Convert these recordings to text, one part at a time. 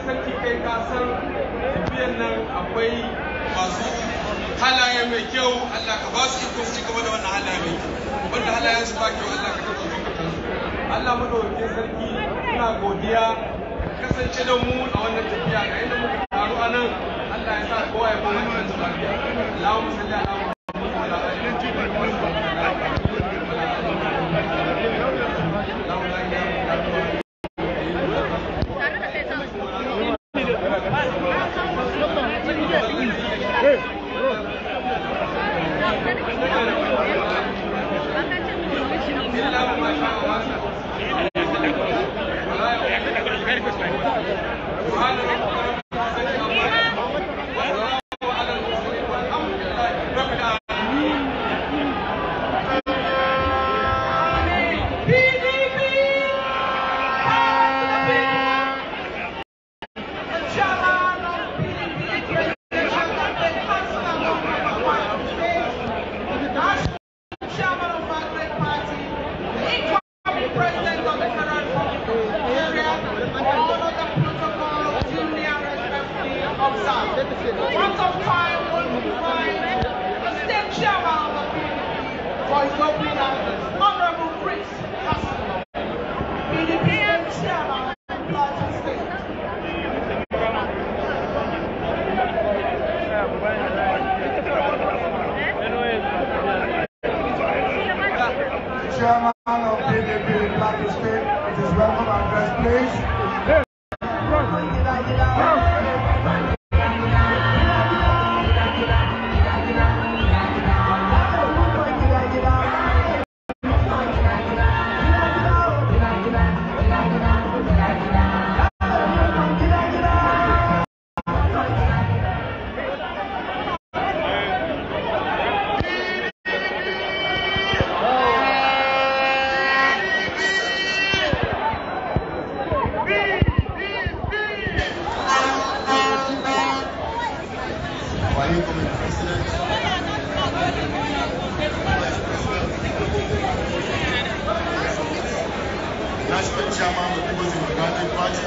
sarkin sarki kai ka san tafiyan nan akwai masu halaye mai kyau Allah ka ba su iko su gaba da wannan halaye mai kyau wanda halayen su ba kyau Allah ka taɓa su Allah madaukakin sarki ina godiya kasance da mu a wannan tafiya ga inda muka taru a nan Allah ya sa kowa ya kuma wannan tafiya Allahumma salli ala Merry Christmas. The state chairman of the PDP for his opening Honorable Prince Hassan, PDP chairman of Plateau State. Chairman of it is welcome best place. chairman of the People's Democratic Party, and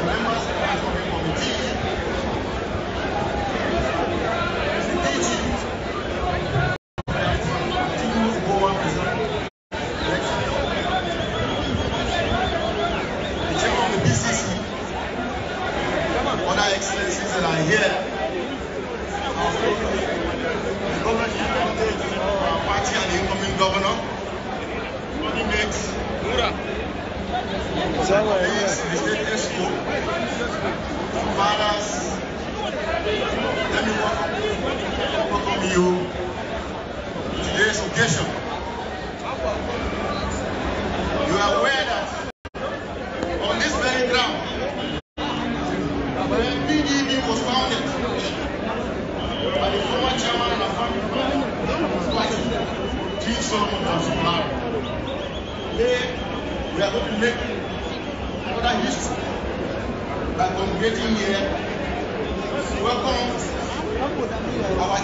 the members of the African Committee, excellencies that are here. The government candidate for our party and the incoming governor, Money Makes. Целая Fathers, let me welcome, welcome you to today's occasion. You are aware that uh, on this very ground, when PDB was founded by the former chairman and former party, King Solomon Thompson They were going to make another history by congregating here welcome our